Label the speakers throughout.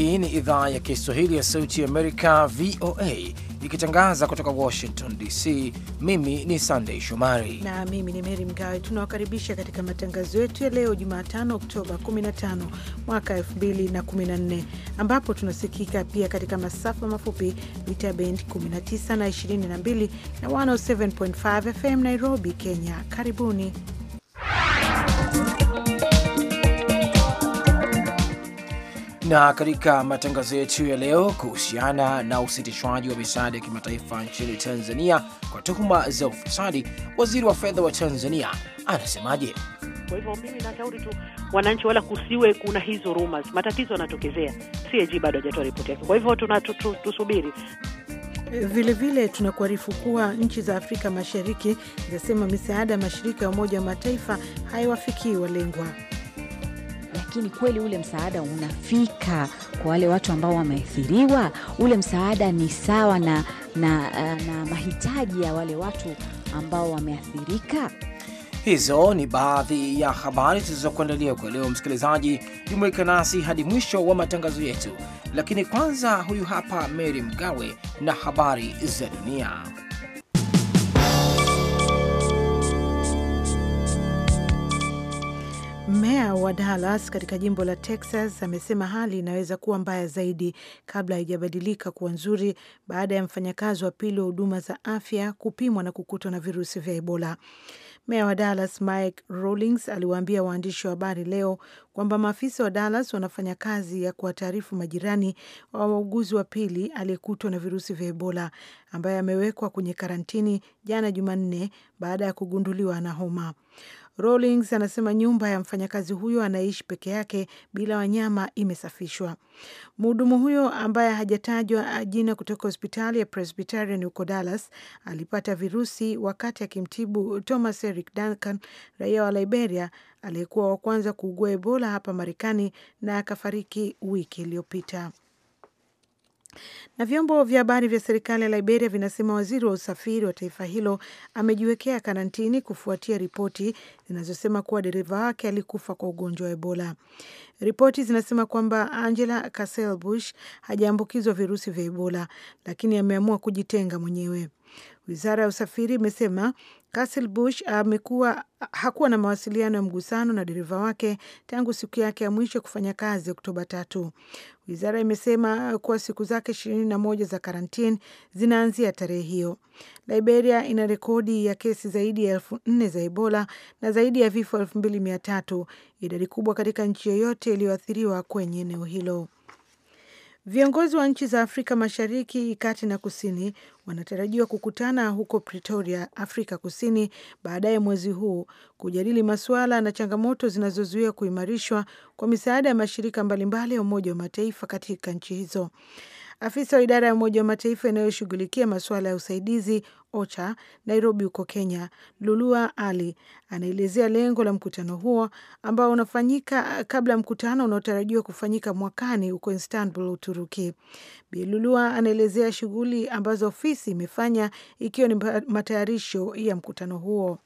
Speaker 1: Hii ni idhaa ya Kiswahili ya Sauti ya Amerika, VOA, ikitangaza kutoka Washington DC. Mimi ni Sandei Shomari
Speaker 2: na mimi ni Meri Mgawe. Tunawakaribisha katika matangazo yetu ya leo Jumatano, Oktoba 15 mwaka 2014, ambapo tunasikika pia katika masafa mafupi mita bendi 19 na 22 na 107.5 FM Nairobi, Kenya. Karibuni.
Speaker 1: Na katika matangazo yetu ya leo kuhusiana na usitishwaji wa misaada ya kimataifa nchini Tanzania kwa tuhuma za ufisadi, waziri wa fedha wa Tanzania anasemaje?
Speaker 2: Kwa hivyo mimi nashauri tu
Speaker 1: wananchi, wala kusiwe kuna hizo rumors, matatizo yanatokezea.
Speaker 3: CAG bado hajatoa ripoti yake, kwa hivyo tusubiri.
Speaker 2: Vilevile tunakuarifu kuwa nchi za Afrika Mashariki zinasema misaada ya mashirika ya Umoja wa Mataifa haiwafikii
Speaker 4: walengwa tu ni kweli ule msaada unafika kwa wale watu ambao wameathiriwa, ule msaada ni sawa na, na, eh, na mahitaji ya wale watu ambao wameathirika.
Speaker 1: Hizo ni baadhi ya habari tulizokuandalia kwa leo. Msikilizaji, jumuika nasi hadi mwisho wa matangazo yetu, lakini kwanza, huyu hapa Mary Mgawe na habari za dunia.
Speaker 2: Meya wa Dallas katika jimbo la Texas amesema hali inaweza kuwa mbaya zaidi kabla haijabadilika kuwa nzuri baada ya mfanyakazi wa pili wa huduma za afya kupimwa na kukutwa na virusi vya Ebola. Meya wa Dallas Mike Rawlings aliwaambia waandishi wa habari leo kwamba maafisa wa Dallas wanafanya kazi ya kuwataarifu majirani wa wauguzi wa pili aliyekutwa na virusi vya Ebola ambaye amewekwa kwenye karantini jana Jumanne baada ya kugunduliwa na homa. Rawlings anasema nyumba ya mfanyakazi huyo anayeishi peke yake bila wanyama imesafishwa. Mhudumu huyo ambaye hajatajwa jina kutoka hospitali ya Presbyterian huko Dallas alipata virusi wakati akimtibu Thomas Eric Duncan, raia wa Liberia aliyekuwa wa kwanza kuugua Ebola hapa Marekani na akafariki wiki iliyopita. Na vyombo vya habari vya serikali ya Liberia vinasema waziri wa usafiri wa taifa hilo amejiwekea karantini kufuatia ripoti zinazosema kuwa dereva wake alikufa kwa ugonjwa wa Ebola. Ripoti zinasema kwamba Angela Casel Bush hajaambukizwa virusi vya Ebola, lakini ameamua kujitenga mwenyewe. Wizara ya usafiri imesema Casel Bush amekuwa hakuwa na mawasiliano ya mgusano na dereva wake tangu siku yake ya mwisho kufanya kazi Oktoba tatu. Wizara imesema kuwa siku zake ishirini na moja za karantini zinaanzia tarehe hiyo. Liberia ina rekodi ya kesi zaidi ya elfu nne za Ebola na zaidi ya vifo elfu mbili mia tatu idadi kubwa katika nchi yoyote iliyoathiriwa kwenye eneo hilo. Viongozi wa nchi za Afrika Mashariki, kati na kusini wanatarajiwa kukutana huko Pretoria, Afrika Kusini, baadaye mwezi huu kujadili masuala na changamoto zinazozuia kuimarishwa kwa misaada ya mashirika mbalimbali ya Umoja wa Mataifa katika nchi hizo. Afisa wa idara ya Umoja wa Mataifa inayoshughulikia masuala ya usaidizi OCHA Nairobi huko Kenya, Lulua Ali anaelezea lengo la mkutano huo ambao unafanyika eh, kabla ya mkutano unaotarajiwa kufanyika mwakani huko Istanbul, Uturuki. Bi Lulua anaelezea shughuli ambazo ofisi imefanya ikiwa
Speaker 4: ni matayarisho ya mkutano huo.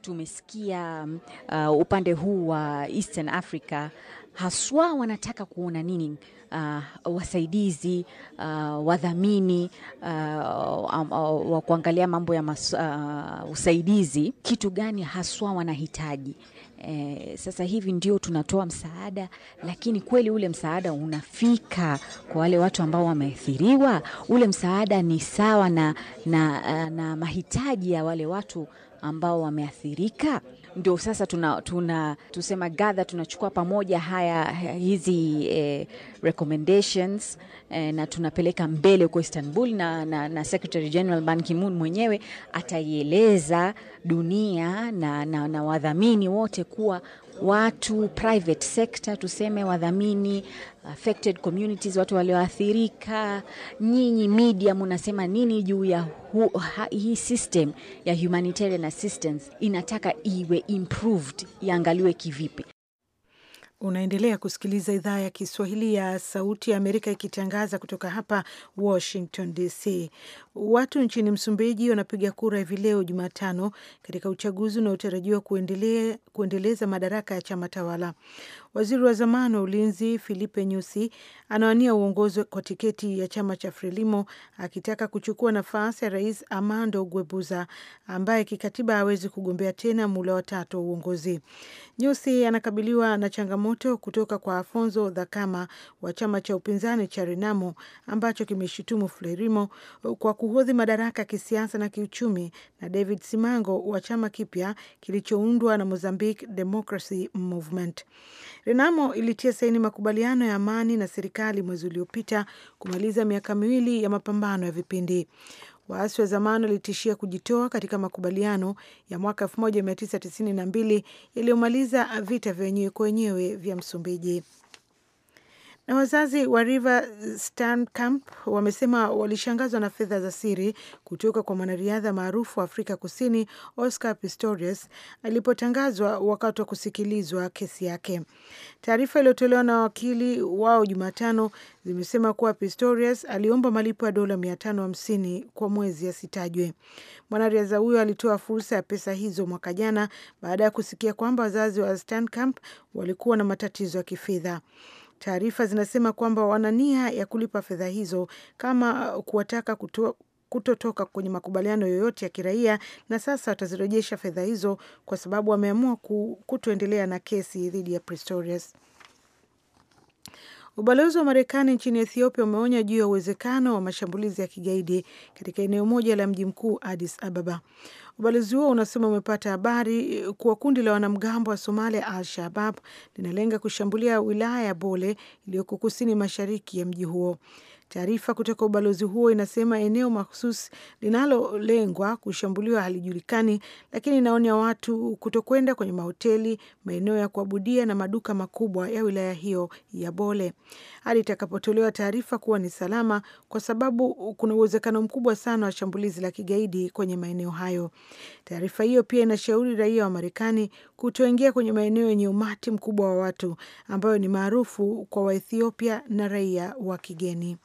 Speaker 4: Tumesikia uh, upande huu wa Eastern Africa haswa wanataka kuona nini? Uh, wasaidizi uh, wadhamini uh, um, uh, wa kuangalia mambo ya mas, uh, usaidizi, kitu gani haswa wanahitaji? Eh, sasa hivi ndio tunatoa msaada, lakini kweli ule msaada unafika kwa wale watu ambao wameathiriwa? Ule msaada ni sawa na, na, na mahitaji ya wale watu ambao wameathirika? ndio sasa tuna, tuna tusema gadha tunachukua pamoja haya hizi eh, recommendations eh, na tunapeleka mbele huko Istanbul na, na, na Secretary General Ban Ki-moon mwenyewe ataieleza dunia na, na, na wadhamini wote kuwa watu private sector, tuseme wadhamini, affected communities, watu walioathirika. Nyinyi media munasema nini juu ya hu, ha, hii system ya humanitarian assistance inataka iwe improved, iangaliwe kivipi? Unaendelea kusikiliza idhaa ya Kiswahili ya Sauti ya
Speaker 2: Amerika ikitangaza kutoka hapa Washington DC. Watu nchini Msumbiji wanapiga kura hivi leo Jumatano katika uchaguzi unaotarajiwa kuendeleza madaraka ya chama tawala. Waziri wa zamani wa ulinzi Filipe Nyusi anawania uongozi kwa tiketi ya chama cha Frelimo akitaka kuchukua nafasi ya Rais Armando Guebuza ambaye kikatiba hawezi kugombea tena muhula wa tatu wa uongozi. Nyusi anakabiliwa na changamoto kutoka kwa Afonso Dhakama wa chama cha upinzani cha Renamo ambacho kimeshutumu Frelimo kwa kuhodhi madaraka ya kisiasa na kiuchumi na David Simango wa chama kipya kilichoundwa na Mozambique Democracy Movement. Renamo ilitia saini makubaliano ya amani na serikali mwezi uliopita kumaliza miaka miwili ya mapambano ya vipindi. Waasi wa zamani walitishia kujitoa katika makubaliano ya mwaka 1992 yaliyomaliza vita vya wenyewe kwa wenyewe vya Msumbiji. Na wazazi wa River Stan Camp wamesema walishangazwa na fedha za siri kutoka kwa mwanariadha maarufu wa Afrika Kusini Oscar Pistorius alipotangazwa wakati wa kusikilizwa kesi yake. Taarifa iliyotolewa na wakili wao Jumatano zimesema kuwa Pistorius aliomba malipo ya dola 550 kwa mwezi asitajwe. Mwanariadha huyo alitoa fursa ya pesa hizo mwaka jana baada ya kusikia kwamba wazazi wa Stan Camp walikuwa na matatizo ya kifedha. Taarifa zinasema kwamba wana nia ya kulipa fedha hizo kama uh, kuwataka kutoa kutotoka kwenye makubaliano yoyote ya kiraia na sasa watazirejesha fedha hizo kwa sababu wameamua kutoendelea na kesi dhidi ya Pretorius. Ubalozi wa Marekani nchini Ethiopia umeonya juu ya uwezekano wa mashambulizi ya kigaidi katika eneo moja la mji mkuu Addis Ababa. Ubalozi huo unasema umepata habari eh, kuwa kundi la wanamgambo wa Somalia Al Shabab linalenga kushambulia wilaya ya Bole iliyoko kusini mashariki ya mji huo. Taarifa kutoka ubalozi huo inasema eneo mahususi linalolengwa kushambuliwa halijulikani, lakini inaonya watu kutokwenda kwenye mahoteli, maeneo ya kuabudia na maduka makubwa ya wilaya hiyo ya Bole hadi itakapotolewa taarifa kuwa ni salama, kwa sababu kuna uwezekano mkubwa sana wa shambulizi la kigaidi kwenye maeneo hayo. Taarifa hiyo pia inashauri raia wa Marekani kutoingia kwenye maeneo yenye umati mkubwa wa watu ambayo ni maarufu kwa Waethiopia na raia wa kigeni.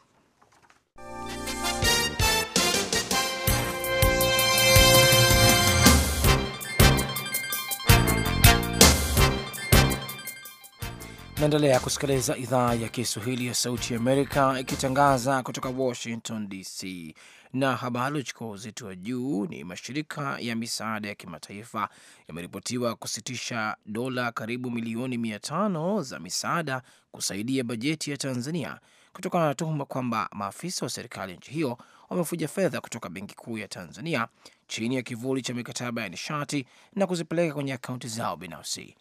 Speaker 1: Naendelea kusikiliza idhaa ya Kiswahili ya Sauti Amerika ikitangaza kutoka Washington DC, na habari huchukua uzito wa juu. Ni mashirika ya misaada ya kimataifa yameripotiwa kusitisha dola karibu milioni mia tano za misaada kusaidia bajeti ya Tanzania kutokana na tuhuma kwamba maafisa wa serikali ya nchi hiyo wamefuja fedha kutoka Benki Kuu ya Tanzania chini ya kivuli cha mikataba ya nishati na kuzipeleka kwenye akaunti zao binafsi.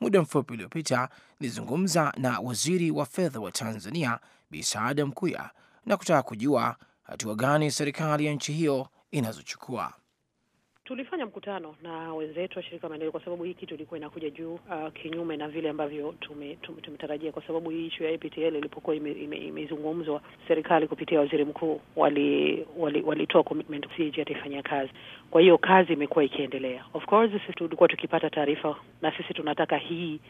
Speaker 1: Muda mfupi uliopita nilizungumza na waziri wa fedha wa Tanzania bisaada Mkuya na kutaka kujua hatua gani serikali ya nchi hiyo inazochukua.
Speaker 3: Tulifanya mkutano na wenzetu wa shirika maendeleo, kwa sababu hii kitu ilikuwa inakuja juu uh, kinyume na vile ambavyo tumetarajia tume, tume kwa sababu hii ishu ya APTL ilipokuwa imezungumzwa ime, ime serikali kupitia waziri mkuu walitoa wali, wali commitment ataifanyia kazi. Kwa hiyo kazi imekuwa ikiendelea. Of course sisi tulikuwa tukipata taarifa, na sisi tunataka hii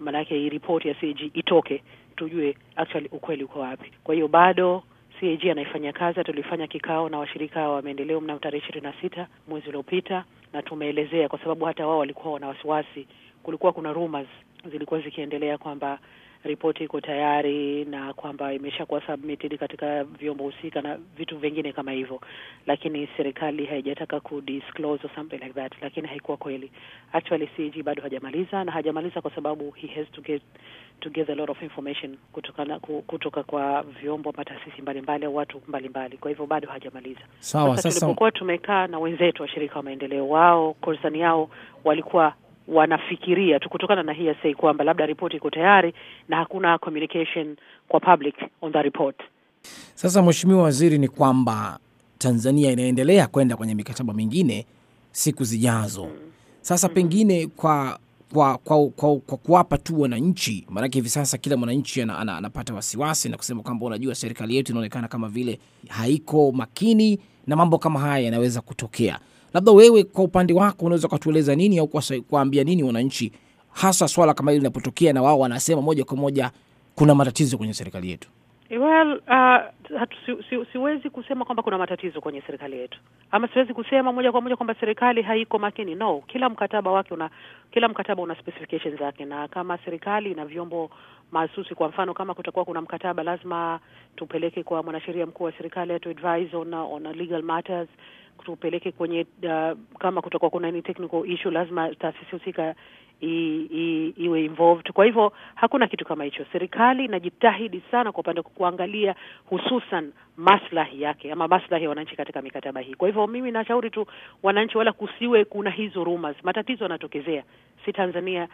Speaker 3: maana hii ripoti ya CAG itoke tujue actually ukweli uko wapi. Kwa hiyo bado CAG anaifanya kazi. Tulifanya kikao na washirika wa maendeleo mnamo tarehe ishirini na sita mwezi uliopita, na tumeelezea kwa sababu hata wao walikuwa wana wasiwasi. Kulikuwa kuna rumors zilikuwa zikiendelea kwamba ripoti iko tayari na kwamba imeshakuwa submitted katika vyombo husika na vitu vingine kama hivyo, lakini serikali haijataka disclose or something like that, lakini haikuwa kweli. Actually CAG bado hajamaliza na hajamaliza kwa sababu he has to get to a lot of information kutoka, kutoka kwa vyombo ama taasisi mbalimbali au watu mbalimbali. Kwa hivyo bado hajamaliza.
Speaker 1: Sawa, sasa tulipokuwa
Speaker 3: tumekaa na wenzetu washirika wa maendeleo, wao korsani yao walikuwa wanafikiria tu kutokana na hii say kwamba labda ripoti iko tayari na hakuna communication kwa public on the
Speaker 1: report. Sasa Mheshimiwa Waziri, ni kwamba Tanzania inaendelea kwenda kwenye mikataba mingine siku zijazo. Mm. Sasa mm-hmm. pengine kwa kwa, kwa, kwa, kwa kuwapa tu wananchi, maanake hivi sasa kila mwananchi anapata ana, ana wasiwasi na kusema kwamba unajua, serikali yetu inaonekana kama vile haiko makini na mambo kama haya yanaweza kutokea. Labda wewe kwa upande wako unaweza ukatueleza nini au kuwaambia nini wananchi, hasa swala kama hili linapotokea na wao wanasema moja kwa moja kuna matatizo kwenye serikali yetu?
Speaker 3: Well, uh, si, si, siwezi kusema kwamba kuna matatizo kwenye serikali yetu, ama siwezi kusema moja kwa moja kwamba serikali haiko makini. No, kila mkataba wake una kila mkataba una specifications zake, na kama serikali ina vyombo mahsusi, kwa mfano kama kutakuwa kuna mkataba lazima tupeleke kwa mwanasheria mkuu wa serikali atu advise on, on legal matters tupeleke kwenye uh, kama kutakuwa kuna any technical issue lazima taasisi husika iwe involved. Kwa hivyo hakuna kitu kama hicho. Serikali inajitahidi sana kwa upande kuangalia hususan maslahi yake ama maslahi ya wananchi katika mikataba hii. Kwa hivyo mimi nashauri tu wananchi, wala kusiwe kuna hizo rumors. Matatizo yanatokezea, si Tanzania,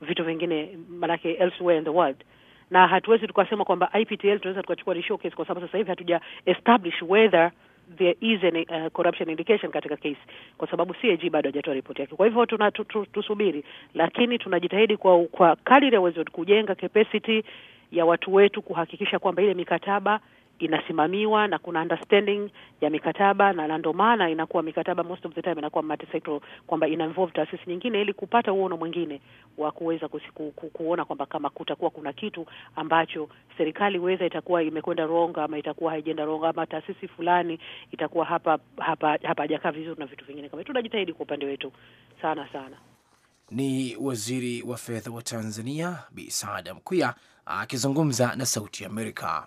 Speaker 3: vitu vingine, manake elsewhere in the world na hatuwezi tukasema kwamba IPTL tunaweza tukachukua showcase kwa sababu sasa hivi hatuja establish whether there is any uh, corruption indication katika case, kwa sababu CAG bado hajatoa ripoti yake. Kwa hivyo tuna tusubiri, lakini tunajitahidi kwa, kwa kadiri ya uwezo kujenga capacity ya watu wetu kuhakikisha kwamba ile mikataba inasimamiwa na kuna understanding ya mikataba, na ndio maana inakuwa mikataba most of the time inakuwa multisectoral, kwamba ina involve taasisi nyingine, ili kupata uono mwingine wa kuweza kuona kwamba kama kutakuwa kuna kitu ambacho serikali weza itakuwa imekwenda wrong ama itakuwa haijenda wrong ama taasisi fulani itakuwa hapa hapa hapajakaa vizuri na vitu vingine kama. Tunajitahidi kwa upande wetu sana sana.
Speaker 1: Ni waziri wa fedha wa Tanzania Bi Saada Mkuya akizungumza na Sauti ya Amerika.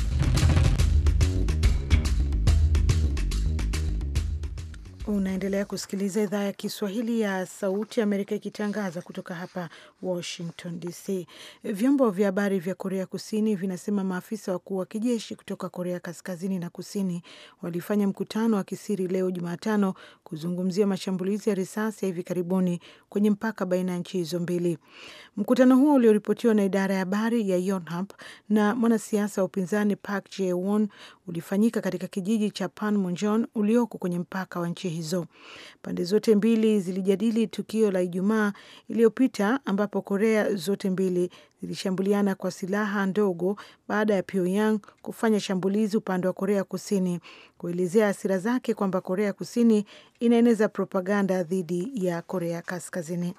Speaker 2: Unaendelea kusikiliza idhaa ya Kiswahili ya Sauti ya Amerika ikitangaza kutoka hapa Washington DC. Vyombo vya habari vya Korea Kusini vinasema maafisa wakuu wa kijeshi kutoka Korea Kaskazini na Kusini walifanya mkutano wa kisiri leo Jumatano kuzungumzia mashambulizi ya risasi ya hivi karibuni kwenye mpaka baina ya nchi hizo mbili. Mkutano huo ulioripotiwa na idara ya habari ya Yonhap na mwanasiasa wa upinzani Park Jae-won ulifanyika katika kijiji cha Panmunjom ulioko kwenye mpaka wa nchi hizo. Pande zote mbili zilijadili tukio la Ijumaa iliyopita ambapo Korea zote mbili zilishambuliana kwa silaha ndogo baada ya Pyongyang kufanya shambulizi upande wa Korea Kusini, kuelezea hasira zake kwamba Korea Kusini inaeneza propaganda dhidi ya Korea Kaskazini.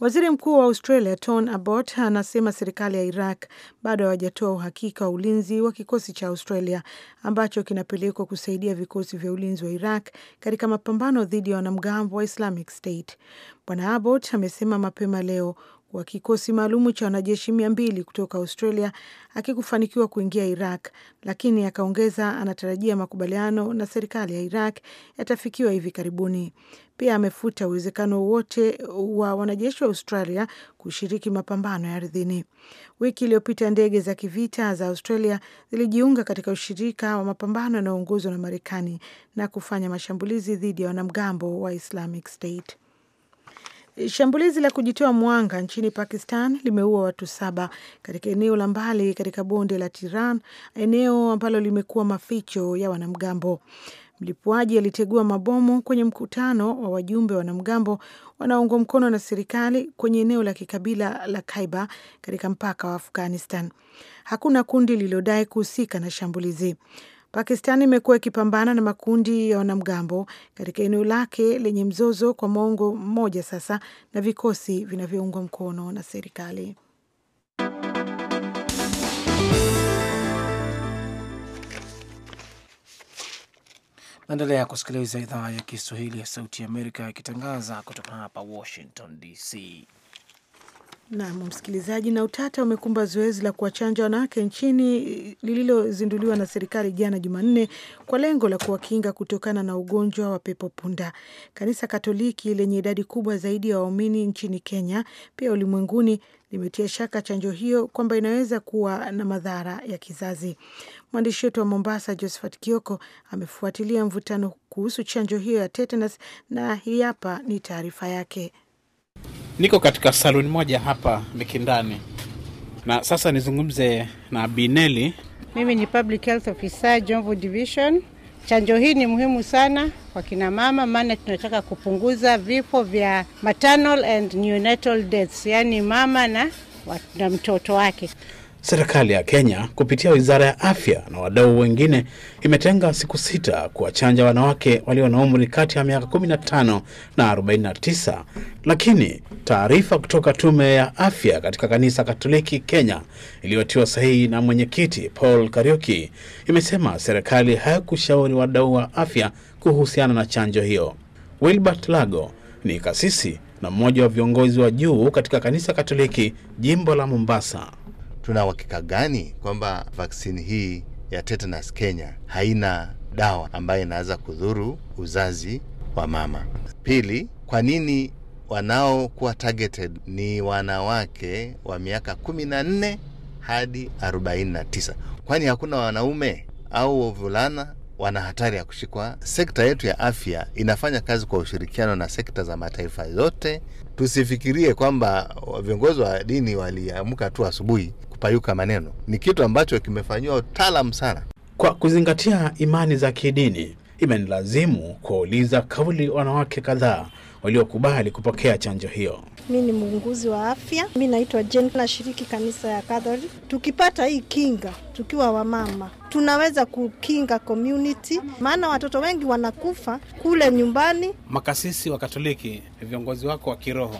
Speaker 2: Waziri Mkuu wa Australia Tony Abbott anasema serikali ya Iraq bado hawajatoa uhakika wa ulinzi wa kikosi cha Australia ambacho kinapelekwa kusaidia vikosi vya ulinzi wa Iraq katika mapambano dhidi ya wanamgambo wa Islamic State. Bwana Abbott amesema mapema leo wa kikosi maalumu cha wanajeshi mia mbili kutoka Australia akikufanikiwa kuingia Iraq, lakini akaongeza anatarajia makubaliano na serikali ya Iraq yatafikiwa hivi karibuni. Pia amefuta uwezekano wwote wa wanajeshi wa Australia kushiriki mapambano ya ardhini. Wiki iliyopita ndege za kivita za Australia zilijiunga katika ushirika wa mapambano yanayoongozwa na Marekani na kufanya mashambulizi dhidi ya wanamgambo wa Islamic State. Shambulizi la kujitoa mwanga nchini Pakistan limeua watu saba katika eneo la mbali katika bonde la Tiran, eneo ambalo limekuwa maficho ya wanamgambo. Mlipuaji alitegua mabomu kwenye mkutano wa wajumbe wa wanamgambo wanaoungwa mkono na serikali kwenye eneo la kikabila la Kaiba katika mpaka wa Afghanistan. Hakuna kundi lililodai kuhusika na shambulizi. Pakistani imekuwa ikipambana na makundi ya wanamgambo katika eneo lake lenye mzozo kwa mwongo mmoja sasa na vikosi vinavyoungwa mkono na serikali.
Speaker 1: Naendelea kusikiliza idhaa ya Kiswahili ya Sauti ya Amerika ikitangaza kutoka hapa Washington DC.
Speaker 2: Nam msikilizaji, na utata umekumba zoezi la kuwachanja wanawake nchini lililozinduliwa na serikali jana Jumanne kwa lengo la kuwakinga kutokana na ugonjwa wa pepo punda. Kanisa Katoliki lenye idadi kubwa zaidi ya wa waumini nchini Kenya, pia ulimwenguni, limetia shaka chanjo hiyo kwamba inaweza kuwa na madhara ya kizazi. Mwandishi wetu wa Mombasa, Josephat Kioko, amefuatilia mvutano kuhusu chanjo hiyo ya tetanus na hii hapa ni taarifa yake.
Speaker 5: Niko katika saluni moja hapa Mikindani na sasa nizungumze na Bineli.
Speaker 2: Mimi ni public health officer Jomvu Division. Chanjo hii ni muhimu sana kwa kina mama, maana tunataka kupunguza vifo vya maternal and neonatal deaths, yaani mama na, na mtoto wake.
Speaker 5: Serikali ya Kenya kupitia wizara ya afya na wadau wengine imetenga siku sita kuwachanja wanawake walio na umri kati ya miaka 15 na 49, lakini taarifa kutoka tume ya afya katika kanisa Katoliki Kenya iliyotiwa sahihi na mwenyekiti Paul Kariuki imesema serikali hayakushauri wadau wa afya kuhusiana na chanjo hiyo. Wilbert Lago ni kasisi na mmoja wa viongozi wa juu katika kanisa Katoliki jimbo la Mombasa tuna uhakika gani kwamba vaksini hii ya tetanus Kenya haina dawa ambayo inaweza kudhuru uzazi wa mama? Pili, kwa nini wanaokuwa targeted ni wanawake wa miaka kumi na nne hadi arobaini na tisa? Kwani hakuna wanaume au wavulana wana hatari ya kushikwa? Sekta yetu ya afya inafanya kazi kwa ushirikiano na sekta za mataifa yote. Tusifikirie kwamba viongozi wa dini waliamka tu asubuhi kupayuka maneno, ni kitu ambacho kimefanyiwa utaalam sana. Kwa kuzingatia imani za kidini, imenilazimu kuwauliza kauli wanawake kadhaa waliokubali kupokea chanjo hiyo.
Speaker 2: Mi ni muunguzi wa afya, mi naitwa Jen, nashiriki kanisa ya kathori Tukipata hii kinga tukiwa wamama, tunaweza kukinga community, maana watoto wengi wanakufa kule nyumbani.
Speaker 5: Makasisi wa Katoliki, viongozi wako wa kiroho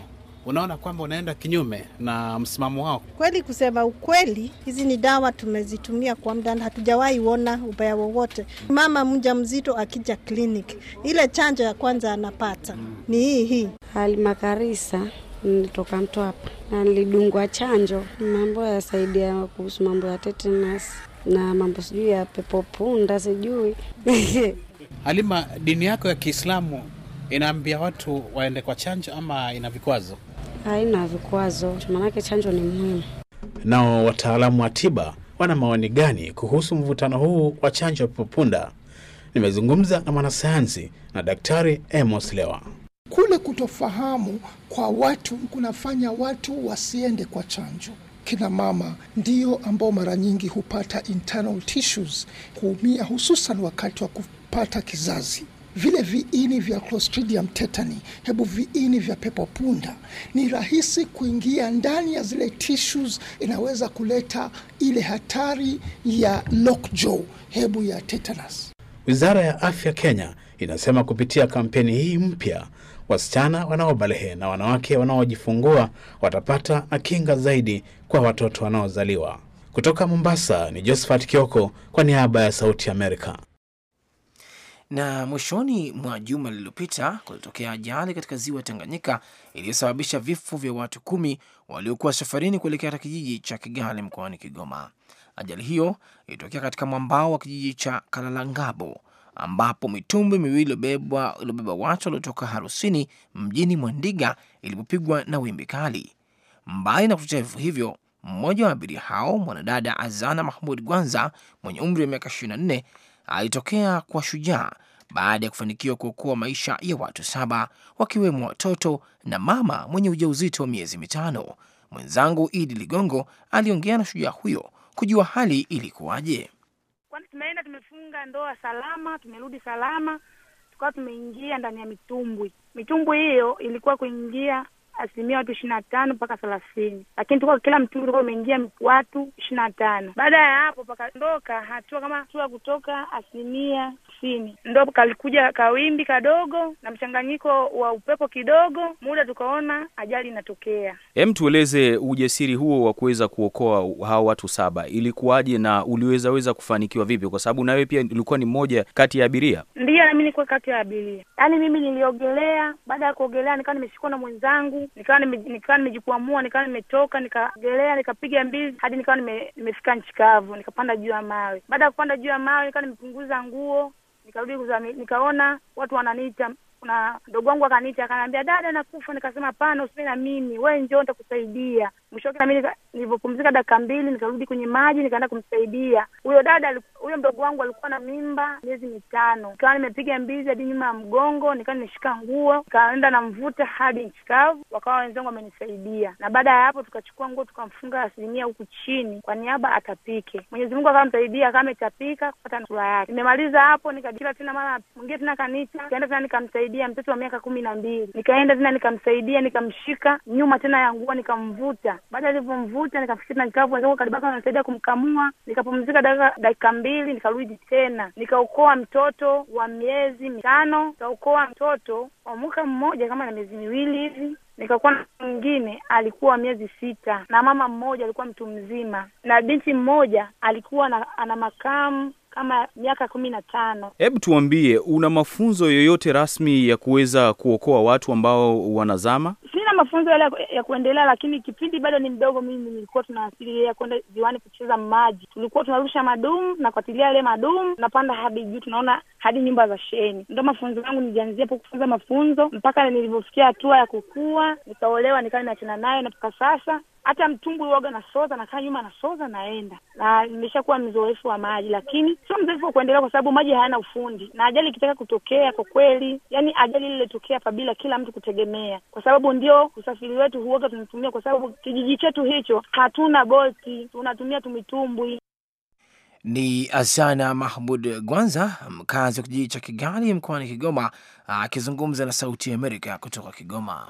Speaker 5: unaona kwamba unaenda kinyume na msimamo wao.
Speaker 2: Kweli, kusema ukweli, hizi ni dawa tumezitumia kwa muda hatujawahi uona ubaya wowote. Mama mja mzito akija klinik, ile chanjo ya kwanza anapata ni hii hii. Halima Karisa nilitoka Mtwapa na nilidungwa chanjo, mambo
Speaker 6: yasaidia kuhusu mambo ya tetanus na mambo sijui ya pepopunda sijui
Speaker 5: Halima, dini yako ya Kiislamu inaambia watu waende kwa chanjo ama ina vikwazo?
Speaker 6: haina vikwazo, maanake chanjo ni muhimu.
Speaker 5: Nao wataalamu wa tiba wana maoni gani kuhusu mvutano huu wa chanjo ya pepopunda? Nimezungumza na mwanasayansi na Daktari Amos Lewa.
Speaker 1: Kule kutofahamu kwa watu kunafanya watu wasiende kwa chanjo. Kina mama ndio ambao mara nyingi hupata internal tissues kuumia, hususan wakati wa kupata kizazi vile viini vya Clostridium tetani, hebu viini vya pepo punda, ni rahisi kuingia ndani ya zile tissues, inaweza
Speaker 5: kuleta ile hatari ya lockjaw, hebu ya tetanus. Wizara ya Afya Kenya inasema kupitia kampeni hii mpya wasichana wanaobalehe na wanawake wanaojifungua watapata na kinga zaidi kwa watoto wanaozaliwa. Kutoka Mombasa ni Josephat Kioko kwa niaba ya Sauti Amerika.
Speaker 1: Na mwishoni mwa juma lililopita kulitokea ajali katika ziwa Tanganyika iliyosababisha vifo vya watu kumi waliokuwa safarini kuelekea katika kijiji cha Kigali mkoani Kigoma. Ajali hiyo ilitokea katika mwambao wa kijiji cha Kalalangabo ambapo mitumbwi miwili iliobeba watu waliotoka harusini mjini Mwandiga ilipopigwa na wimbi kali. Mbali na kutetea vifo hivyo, mmoja wa abiria hao mwanadada Azana Mahmud Gwanza mwenye umri wa miaka 24 alitokea kwa shujaa baada ya kufanikiwa kuokoa maisha ya watu saba wakiwemo watoto na mama mwenye ujauzito wa miezi mitano. Mwenzangu Idi Ligongo aliongea na shujaa huyo kujua hali ilikuwaje.
Speaker 6: Kwani tumeenda tumefunga ndoa salama, tumerudi salama, tukawa tumeingia ndani ya mitumbwi. Mitumbwi hiyo ilikuwa kuingia asilimia watu ishirini na tano mpaka thelathini, lakini tulikuwa kila mtungi ulikuwa umeingia watu ishirini na tano. Baada ya hapo pakandoka hatua kama hatua kutoka asilimia tisini, ndo kalikuja kawimbi kadogo na mchanganyiko wa upepo kidogo, muda tukaona ajali inatokea.
Speaker 5: Hem, tueleze ujasiri huo wa kuweza kuokoa hawa watu saba ilikuwaje, na uliwezaweza kufanikiwa vipi? Kwa sababu nawe pia ulikuwa ni mmoja kati ya abiria.
Speaker 6: Ndiyo, nami nikuwa kati ya abiria. Yaani mimi niliogelea, baada ya kuogelea nikawa nimeshikwa na mwenzangu nikawa nikawa nimejikwamua, nikawa nimetoka, nikagelea nikapiga mbizi hadi nikawa nimefika nchi kavu, nikapanda juu ya mawe. Baada ya kupanda juu ya mawe, nikawa nimepunguza nguo, nikarudi nikaona watu wananiita na ndogo wangu akaniita akaniambia, dada, nakufa. Nikasema hapana, usiwe na mimi, we njoo, nitakusaidia mwisho wake nami nilivyopumzika dakika mbili nikarudi kwenye maji nikaenda kumsaidia huyo dada. Huyo mdogo wangu alikuwa na mimba miezi mitano, nikawa nimepiga mbizi hadi nyuma ya mgongo, nikawa nimeshika nguo, nikaenda namvuta hadi nchikavu wakawa wenzangu wamenisaidia. Na baada ya hapo tukachukua nguo tukamfunga asilimia huku chini kwa niaba atapike. Mwenyezi Mungu akamsaidia akawa ametapika kupata sura yake. Nimemaliza hapo nikajira tena, mara mwingine tena kanita, nikaenda tena nikamsaidia mtoto wa miaka kumi na mbili, nikaenda tena nikamsaidia, nikamshika nyuma tena ya nguo nikamvuta baada ya alivyomvuta na nikavu wenzangu kadibaka anasaidia kumkamua, nikapumzika dakika dakika mbili, nikarudi tena nikaokoa mtoto wa miezi mitano, nikaokoa mtoto wa mwaka mmoja kama na miezi miwili hivi nikakuwa na mwingine alikuwa miezi sita, na mama mmoja alikuwa mtu mzima, na binti mmoja alikuwa na, ana makamu kama miaka kumi na tano.
Speaker 5: Hebu tuambie, una mafunzo yoyote rasmi ya kuweza kuokoa watu ambao wanazama?
Speaker 6: sina mafunzo yale ya kuendelea, lakini kipindi bado ni mdogo, mimi nilikuwa ya kwenda ziwani kucheza maji. Tulikuwa tunarusha madumu, nafuatilia yale madumu, napanda hadi juu, tunaona hadi nyumba za sheni. Ndo mafunzo yangu nilianzia hapo kufunza mafunzo mpaka nilivyofikia hatua ya kukua, nikaolewa, nikawa niachana naye na mpaka sasa hata mtumbwi huoga na soza, nakaa nyuma na soza, naenda na nimeshakuwa mzoefu wa maji, lakini sio mzoefu wa kuendelea, kwa sababu maji hayana ufundi, na ajali ikitaka kutokea, kwa kweli, yani ajali ile ilitokea Pabila, kila mtu kutegemea, kwa sababu ndio usafiri wetu huoga tunatumia, kwa sababu kijiji chetu hicho hatuna boti, tunatumia tumitumbwi.
Speaker 1: Ni Azana Mahmud Gwanza, mkazi wa kijiji cha Kigali mkoani Kigoma, akizungumza na Sauti ya Amerika kutoka Kigoma.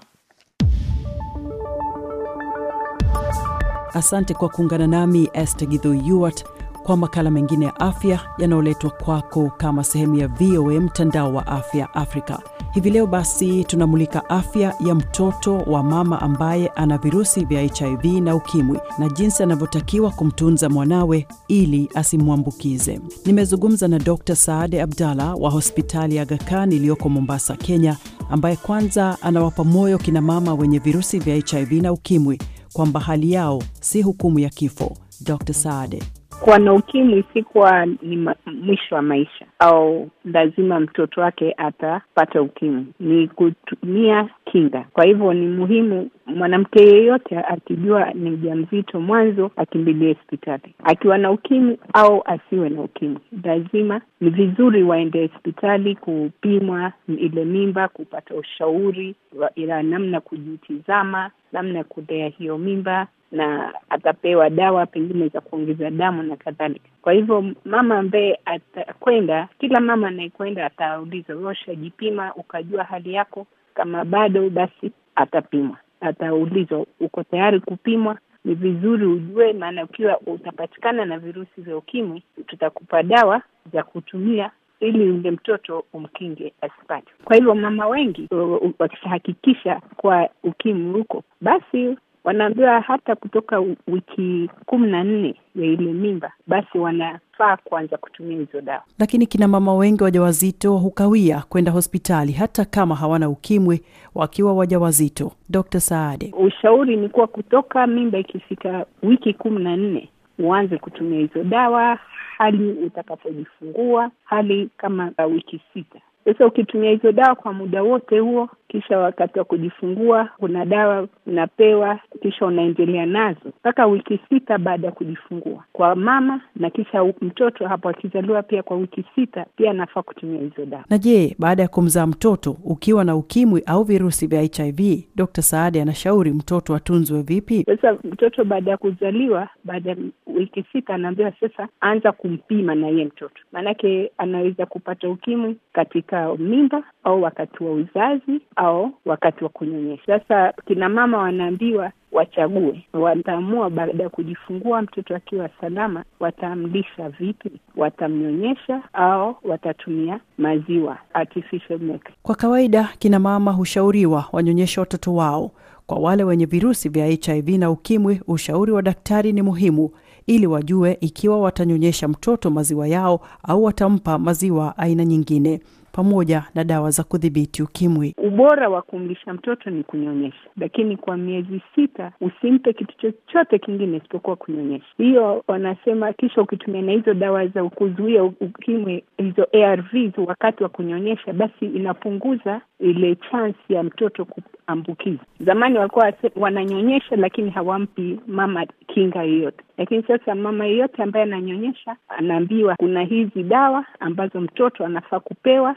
Speaker 7: Asante kwa kuungana nami Esther Githu Yuart kwa makala mengine ya afya yanayoletwa kwako kama sehemu ya VOA mtandao wa afya Afrika. Hivi leo basi tunamulika afya ya mtoto wa mama ambaye ana virusi vya HIV na ukimwi na jinsi anavyotakiwa kumtunza mwanawe ili asimwambukize. Nimezungumza na Dr. Saade abdallah wa hospitali ya gakan iliyoko Mombasa, Kenya, ambaye kwanza anawapa moyo kina mama wenye virusi vya HIV na ukimwi kwamba hali yao si hukumu ya kifo. Dr Saade kuwa
Speaker 8: na ukimwi si kuwa ni ma, mwisho wa maisha au lazima mtoto wake atapata ukimwi, ni kutumia kinga. Kwa hivyo ni muhimu mwanamke yeyote akijua ni mja mzito mwanzo akimbilia hospitali, akiwa na ukimwi au asiwe na ukimwi, lazima ni vizuri waende hospitali kupimwa ile mimba, kupata ushauri ila namna kujitizama, namna ya kulea hiyo mimba na atapewa dawa pengine za kuongeza damu na kadhalika. Kwa hivyo mama ambaye atakwenda, kila mama anayekwenda atauliza, wewe ushajipima ukajua hali yako? Kama bado, basi atapimwa, ataulizwa, uko tayari kupimwa? Ni vizuri ujue, maana ukiwa utapatikana na virusi vya ukimwi, tutakupa dawa za kutumia ili yule mtoto umkinge asipate. Kwa hivyo mama wengi uh, wakishahakikisha kwa ukimwi huko, basi wanaambiwa hata kutoka wiki kumi na nne ya ile mimba, basi wanafaa kuanza kutumia hizo dawa.
Speaker 7: Lakini kina mama wengi wajawazito hukawia kwenda hospitali hata kama hawana ukimwi wakiwa wajawazito. d Saade, ushauri ni kuwa kutoka mimba ikifika wiki kumi na
Speaker 8: nne uanze kutumia hizo dawa hali utakapojifungua, hali kama wiki sita. Sasa ukitumia hizo dawa kwa muda wote huo, kisha wakati wa kujifungua, kuna dawa unapewa kisha unaendelea nazo mpaka wiki sita baada ya kujifungua kwa mama, na kisha mtoto hapo akizaliwa pia kwa wiki sita pia anafaa kutumia hizo dawa.
Speaker 7: Na je, baada ya kumzaa mtoto ukiwa na ukimwi au virusi vya HIV, d Saadi anashauri mtoto atunzwe vipi? Sasa
Speaker 8: mtoto baada ya kuzaliwa, baada ya wiki sita, anaambiwa sasa anza kumpima na yeye mtoto, maanake anaweza kupata ukimwi katika mimba au wakati wa uzazi au wakati wa kunyonyesha. Sasa kina mama wanaambiwa wachague, wataamua baada ya kujifungua mtoto akiwa salama, watamlisha vipi, watamnyonyesha au watatumia maziwa artificial milk.
Speaker 7: Kwa kawaida kina mama hushauriwa wanyonyeshe watoto wao. Kwa wale wenye virusi vya HIV na ukimwi, ushauri wa daktari ni muhimu ili wajue ikiwa watanyonyesha mtoto maziwa yao au watampa maziwa aina nyingine pamoja na dawa za kudhibiti ukimwi.
Speaker 8: Ubora wa kumlisha mtoto ni kunyonyesha, lakini kwa miezi sita usimpe kitu chochote kingine isipokuwa kunyonyesha. Hiyo wanasema, kisha ukitumia na hizo dawa za kuzuia ukimwi, hizo ARVs, wakati wa kunyonyesha, basi inapunguza ile chansi ya mtoto kuambukiza. Zamani walikuwa wananyonyesha, lakini hawampi mama kinga yoyote, lakini sasa mama yeyote ambaye ananyonyesha anaambiwa kuna hizi dawa ambazo mtoto anafaa kupewa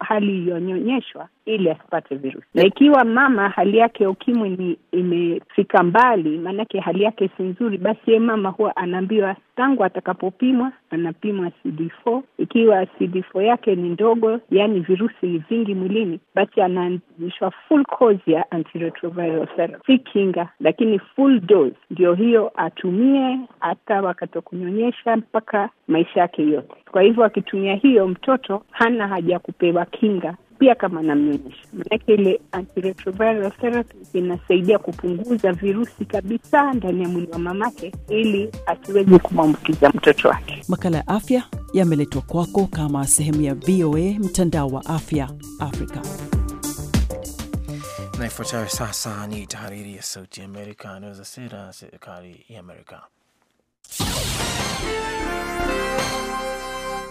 Speaker 8: hali iliyonyonyeshwa ili asipate virusi. Na eh. ikiwa mama hali yake ya ukimwi ni imefika mbali, maanake hali yake si nzuri, basi ye mama huwa anaambiwa tangu atakapopimwa, anapimwa CD4. Ikiwa CD4 yake ni ndogo, yaani virusi ni vingi mwilini, basi anaanzishwa full course ya antiretroviral therapy, si kinga, lakini full dose ndio hiyo atumie hata wakati wa kunyonyesha mpaka maisha yake yote. Kwa hivyo akitumia hiyo, mtoto hana haja ya kupewa kinga pia kama namnyonyesha, manake ile antiretroviral therapy inasaidia kupunguza virusi kabisa ndani ya mwili wa mamake, ili
Speaker 1: asiweze kumwambukiza mtoto
Speaker 7: wake. Makala ya afya yameletwa kwako kama sehemu ya VOA mtandao wa afya Afrika.
Speaker 1: Na ifuatayo sasa ni tahariri ya Sauti ya Amerika anaweza sera serikali ya Amerika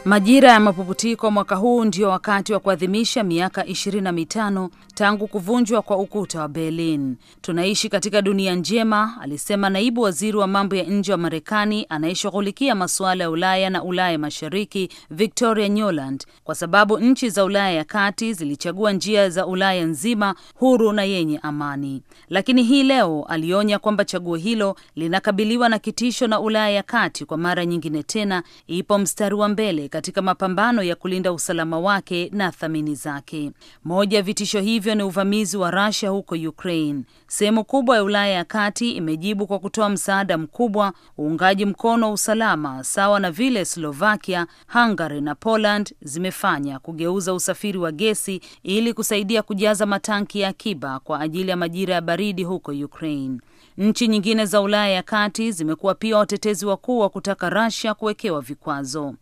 Speaker 9: Majira ya mapuputiko mwaka huu ndio wakati wa kuadhimisha miaka 25 tangu kuvunjwa kwa ukuta wa Berlin. Tunaishi katika dunia njema, alisema naibu waziri wa mambo ya nje wa Marekani anayeshughulikia masuala ya Ulaya na Ulaya Mashariki, Victoria Nuland, kwa sababu nchi za Ulaya ya kati zilichagua njia za Ulaya nzima huru na yenye amani. Lakini hii leo alionya kwamba chaguo hilo linakabiliwa na kitisho, na Ulaya ya kati kwa mara nyingine tena ipo mstari wa mbele katika mapambano ya kulinda usalama wake na thamini zake. Moja vitisho hivyo hivyo ni uvamizi wa Russia huko Ukraine. Sehemu kubwa ya Ulaya ya Kati imejibu kwa kutoa msaada mkubwa, uungaji mkono wa usalama, sawa na vile Slovakia, Hungary na Poland zimefanya kugeuza usafiri wa gesi ili kusaidia kujaza matanki ya akiba kwa ajili ya majira ya baridi huko Ukraine. Nchi nyingine za Ulaya ya Kati zimekuwa pia watetezi wakuu wa kutaka Russia kuwekewa vikwazo.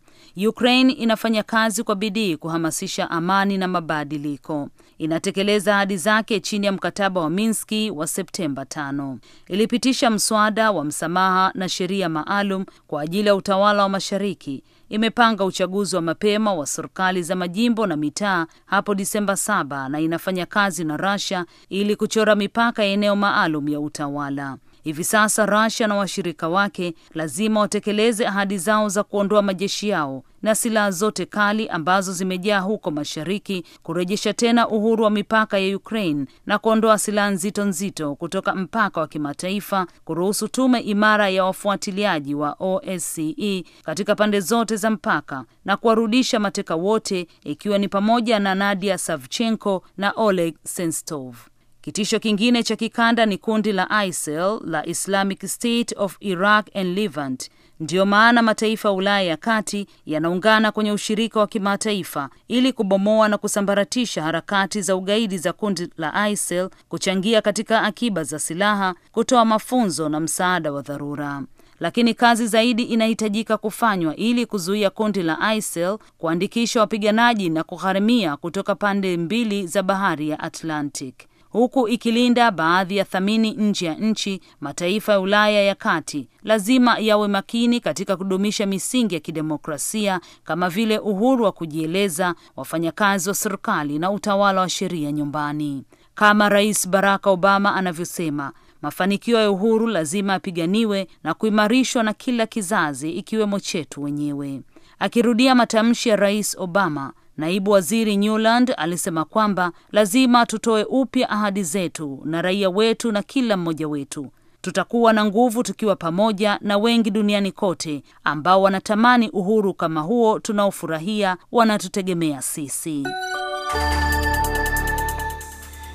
Speaker 9: Ukraine inafanya kazi kwa bidii kuhamasisha amani na mabadiliko inatekeleza ahadi zake chini ya mkataba wa Minski wa Septemba tano. Ilipitisha mswada wa msamaha na sheria maalum kwa ajili ya utawala wa mashariki. Imepanga uchaguzi wa mapema wa serikali za majimbo na mitaa hapo Disemba saba na inafanya kazi na Russia ili kuchora mipaka ya eneo maalum ya utawala. Hivi sasa Russia na washirika wake lazima watekeleze ahadi zao za kuondoa majeshi yao na silaha zote kali ambazo zimejaa huko mashariki, kurejesha tena uhuru wa mipaka ya Ukraine na kuondoa silaha nzito nzito kutoka mpaka wa kimataifa, kuruhusu tume imara ya wafuatiliaji wa OSCE katika pande zote za mpaka na kuwarudisha mateka wote, ikiwa ni pamoja na Nadia Savchenko na Oleg Senstov. Kitisho kingine cha kikanda ni kundi la ISIL la Islamic State of Iraq and Levant. Ndiyo maana mataifa ya Ulaya ya kati yanaungana kwenye ushirika wa kimataifa ili kubomoa na kusambaratisha harakati za ugaidi za kundi la ISIL, kuchangia katika akiba za silaha, kutoa mafunzo na msaada wa dharura. Lakini kazi zaidi inahitajika kufanywa ili kuzuia kundi la ISIL kuandikisha wapiganaji na kugharimia kutoka pande mbili za bahari ya Atlantic huku ikilinda baadhi ya thamini nje ya nchi. Mataifa ya Ulaya ya kati lazima yawe makini katika kudumisha misingi ya kidemokrasia kama vile uhuru wa kujieleza, wafanyakazi wa serikali na utawala wa sheria nyumbani. Kama Rais Barack Obama anavyosema, mafanikio ya uhuru lazima yapiganiwe na kuimarishwa na kila kizazi, ikiwemo chetu wenyewe. Akirudia matamshi ya Rais Obama, Naibu Waziri Newland alisema kwamba lazima tutoe upya ahadi zetu na raia wetu na kila mmoja wetu. Tutakuwa na nguvu tukiwa pamoja na wengi duniani kote ambao wanatamani uhuru kama huo tunaofurahia, wanatutegemea sisi.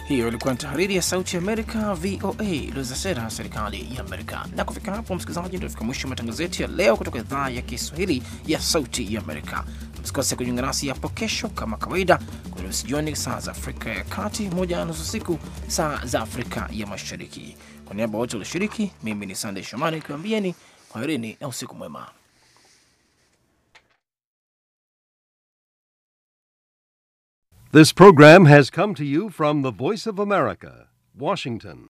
Speaker 9: Hiyo ilikuwa ni tahariri ya Sauti
Speaker 1: ya Amerika, VOA, iliweza sera ya serikali ya Amerika. Na kufika hapo, msikilizaji, ndio fika mwisho matangazo yetu ya leo kutoka idhaa ya Kiswahili ya Sauti ya Amerika. Usikose kujiunga nasi hapo kesho kama kawaida kwenye nusu jioni saa za Afrika ya Kati, moja na nusu siku saa za Afrika ya Mashariki. Kwa niaba wote walioshiriki, mimi ni Sandey Shomani nikiwaambieni kwaherini na usiku mwema.
Speaker 9: This program has come to you from the Voice of America, Washington.